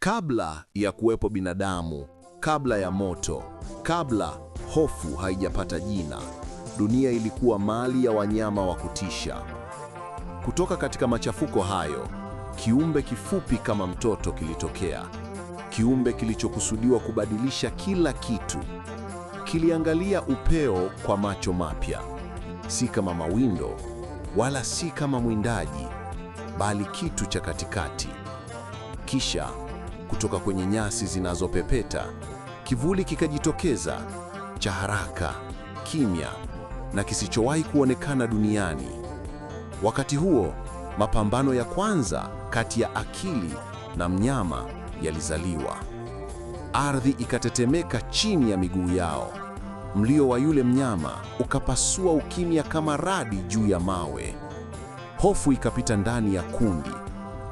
Kabla ya kuwepo binadamu, kabla ya moto, kabla hofu haijapata jina, dunia ilikuwa mali ya wanyama wa kutisha. Kutoka katika machafuko hayo, kiumbe kifupi kama mtoto kilitokea, kiumbe kilichokusudiwa kubadilisha kila kitu. Kiliangalia upeo kwa macho mapya, si kama mawindo wala si kama mwindaji, bali kitu cha katikati. Kisha kutoka kwenye nyasi zinazopepeta, kivuli kikajitokeza cha haraka, kimya na kisichowahi kuonekana duniani. Wakati huo, mapambano ya kwanza kati ya akili na mnyama yalizaliwa. Ardhi ikatetemeka chini ya miguu yao. Mlio wa yule mnyama ukapasua ukimya kama radi juu ya mawe. Hofu ikapita ndani ya kundi,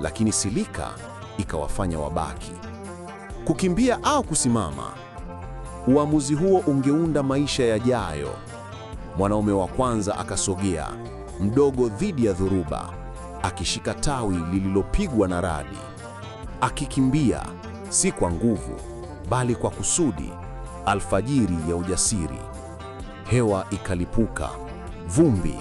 lakini silika ikawafanya wabaki. Kukimbia au kusimama. Uamuzi huo ungeunda maisha yajayo. Mwanaume wa kwanza akasogea, mdogo dhidi ya dhoruba, akishika tawi lililopigwa na radi, akikimbia si kwa nguvu, bali kwa kusudi. Alfajiri ya ujasiri. Hewa ikalipuka, vumbi,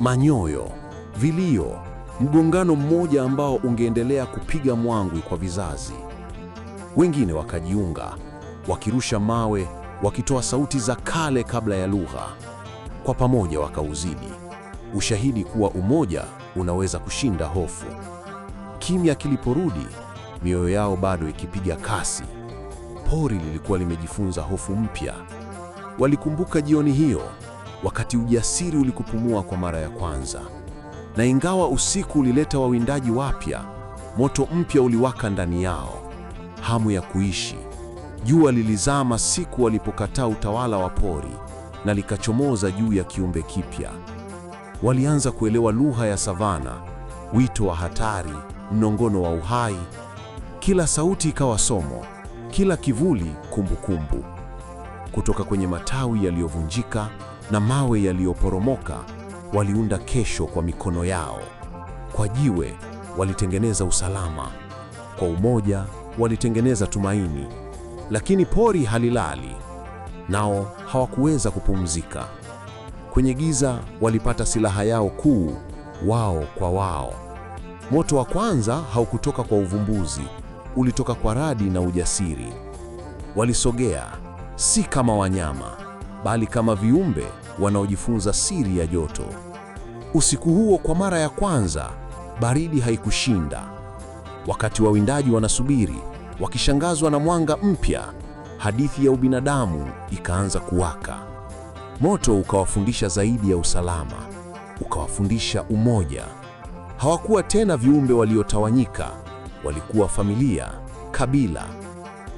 manyoyo, vilio mgongano mmoja ambao ungeendelea kupiga mwangwi kwa vizazi. Wengine wakajiunga, wakirusha mawe, wakitoa sauti za kale kabla ya lugha. Kwa pamoja wakauzidi, ushahidi kuwa umoja unaweza kushinda hofu. Kimya kiliporudi, mioyo yao bado ikipiga kasi. Pori lilikuwa limejifunza hofu mpya. Walikumbuka jioni hiyo, wakati ujasiri ulikupumua kwa mara ya kwanza na ingawa usiku ulileta wawindaji wapya, moto mpya uliwaka ndani yao, hamu ya kuishi. Jua lilizama siku walipokataa utawala wa pori na likachomoza juu ya kiumbe kipya. Walianza kuelewa lugha ya savana, wito wa hatari, mnongono wa uhai. Kila sauti ikawa somo, kila kivuli kumbukumbu kumbu. Kutoka kwenye matawi yaliyovunjika na mawe yaliyoporomoka waliunda kesho kwa mikono yao. Kwa jiwe walitengeneza usalama, kwa umoja walitengeneza tumaini. Lakini pori halilali, nao hawakuweza kupumzika. Kwenye giza walipata silaha yao kuu, wao kwa wao. Moto wa kwanza haukutoka kwa uvumbuzi, ulitoka kwa radi na ujasiri. Walisogea si kama wanyama, bali kama viumbe wanaojifunza siri ya joto. Usiku huo kwa mara ya kwanza, baridi haikushinda. Wakati wawindaji wanasubiri, wakishangazwa na mwanga mpya, hadithi ya ubinadamu ikaanza kuwaka. Moto ukawafundisha zaidi ya usalama, ukawafundisha umoja. Hawakuwa tena viumbe waliotawanyika, walikuwa familia, kabila.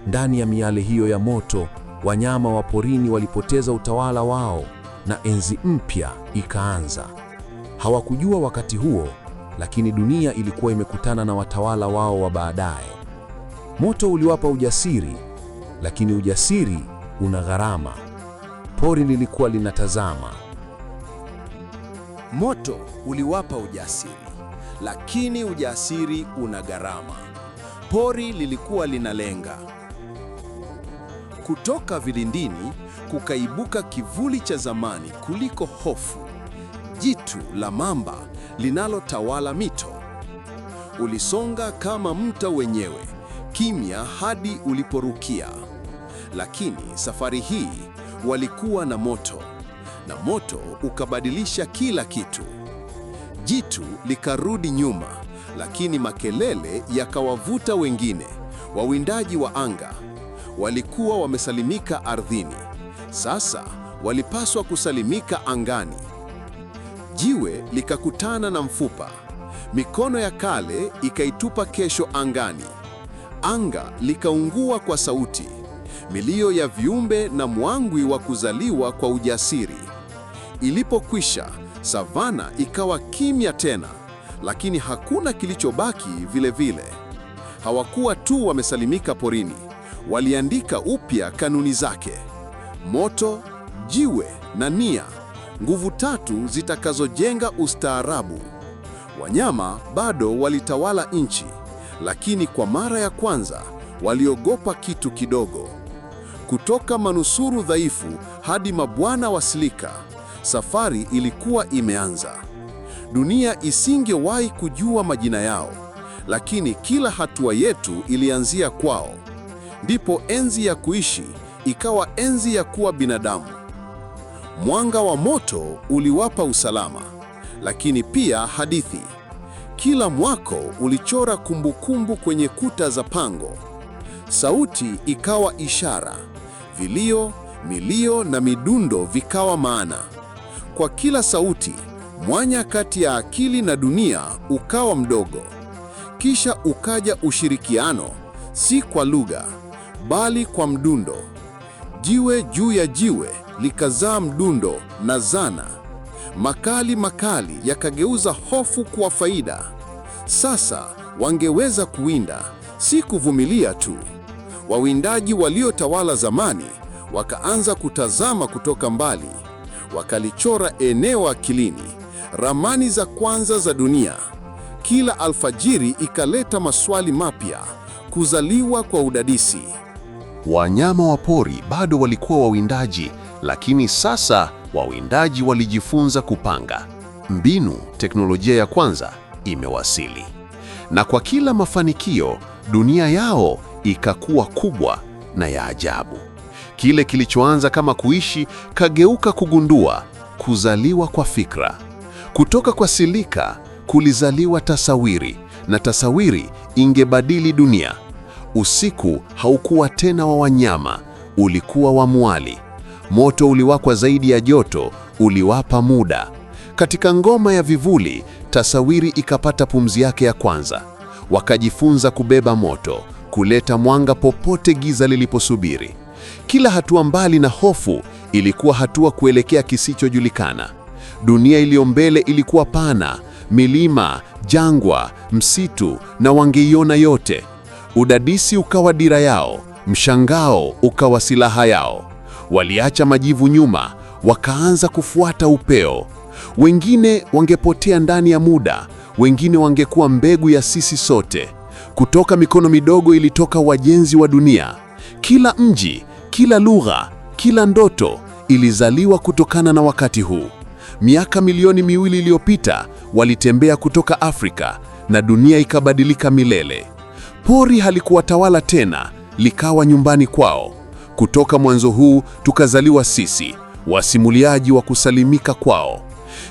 Ndani ya miale hiyo ya moto, wanyama wa porini walipoteza utawala wao na enzi mpya ikaanza. Hawakujua wakati huo, lakini dunia ilikuwa imekutana na watawala wao wa baadaye. Moto uliwapa ujasiri, lakini ujasiri una gharama. Pori lilikuwa linatazama. Moto uliwapa ujasiri, lakini ujasiri una gharama. Pori lilikuwa linalenga. Kutoka vilindini kukaibuka kivuli cha zamani kuliko hofu, jitu la mamba linalotawala mito. Ulisonga kama mta wenyewe, kimya hadi uliporukia. Lakini safari hii walikuwa na moto, na moto ukabadilisha kila kitu. Jitu likarudi nyuma, lakini makelele yakawavuta wengine, wawindaji wa anga walikuwa wamesalimika ardhini, sasa walipaswa kusalimika angani. Jiwe likakutana na mfupa, mikono ya kale ikaitupa kesho angani. Anga likaungua kwa sauti, milio ya viumbe na mwangwi wa kuzaliwa kwa ujasiri. Ilipokwisha, savana ikawa kimya tena, lakini hakuna kilichobaki vile vile. Hawakuwa tu wamesalimika porini, waliandika upya kanuni zake: moto, jiwe na nia, nguvu tatu zitakazojenga ustaarabu. Wanyama bado walitawala nchi, lakini kwa mara ya kwanza waliogopa kitu kidogo. Kutoka manusuru dhaifu hadi mabwana wasilika, safari ilikuwa imeanza. Dunia isingewahi kujua majina yao, lakini kila hatua yetu ilianzia kwao ndipo enzi ya kuishi ikawa enzi ya kuwa binadamu. Mwanga wa moto uliwapa usalama, lakini pia hadithi. Kila mwako ulichora kumbukumbu kwenye kuta za pango. Sauti ikawa ishara, vilio, milio na midundo vikawa maana. Kwa kila sauti, mwanya kati ya akili na dunia ukawa mdogo. Kisha ukaja ushirikiano, si kwa lugha bali kwa mdundo. Jiwe juu ya jiwe likazaa mdundo na zana. Makali makali yakageuza hofu kuwa faida. Sasa wangeweza kuwinda, si kuvumilia tu. Wawindaji waliotawala zamani wakaanza kutazama kutoka mbali, wakalichora eneo akilini, ramani za kwanza za dunia. Kila alfajiri ikaleta maswali mapya, kuzaliwa kwa udadisi. Wanyama wa pori bado walikuwa wawindaji, lakini sasa wawindaji walijifunza kupanga. Mbinu, teknolojia ya kwanza imewasili, na kwa kila mafanikio dunia yao ikakuwa kubwa na ya ajabu. Kile kilichoanza kama kuishi kageuka kugundua, kuzaliwa kwa fikra. Kutoka kwa silika kulizaliwa tasawiri, na tasawiri ingebadili dunia. Usiku haukuwa tena wa wanyama, ulikuwa wa mwali. Moto uliwakwa zaidi ya joto, uliwapa muda. Katika ngoma ya vivuli, tasawiri ikapata pumzi yake ya kwanza. Wakajifunza kubeba moto, kuleta mwanga popote giza liliposubiri. Kila hatua mbali na hofu ilikuwa hatua kuelekea kisichojulikana. Dunia iliyo mbele ilikuwa pana, milima, jangwa, msitu na wangeiona yote. Udadisi ukawa dira yao, mshangao ukawa silaha yao. Waliacha majivu nyuma, wakaanza kufuata upeo. Wengine wangepotea ndani ya muda, wengine wangekuwa mbegu ya sisi sote. Kutoka mikono midogo ilitoka wajenzi wa dunia. Kila mji, kila lugha, kila ndoto ilizaliwa kutokana na wakati huu. Miaka milioni miwili iliyopita walitembea kutoka Afrika na dunia ikabadilika milele. Pori halikuwatawala tena, likawa nyumbani kwao. Kutoka mwanzo huu tukazaliwa sisi, wasimuliaji wa kusalimika kwao.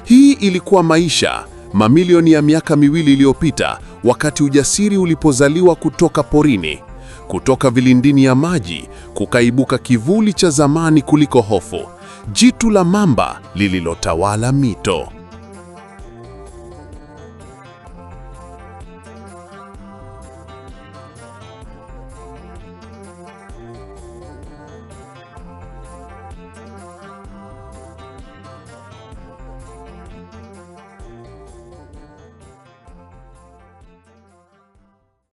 Hii ilikuwa maisha mamilioni ya miaka miwili iliyopita, wakati ujasiri ulipozaliwa kutoka porini. Kutoka vilindini ya maji kukaibuka kivuli cha zamani kuliko hofu, jitu la mamba lililotawala mito.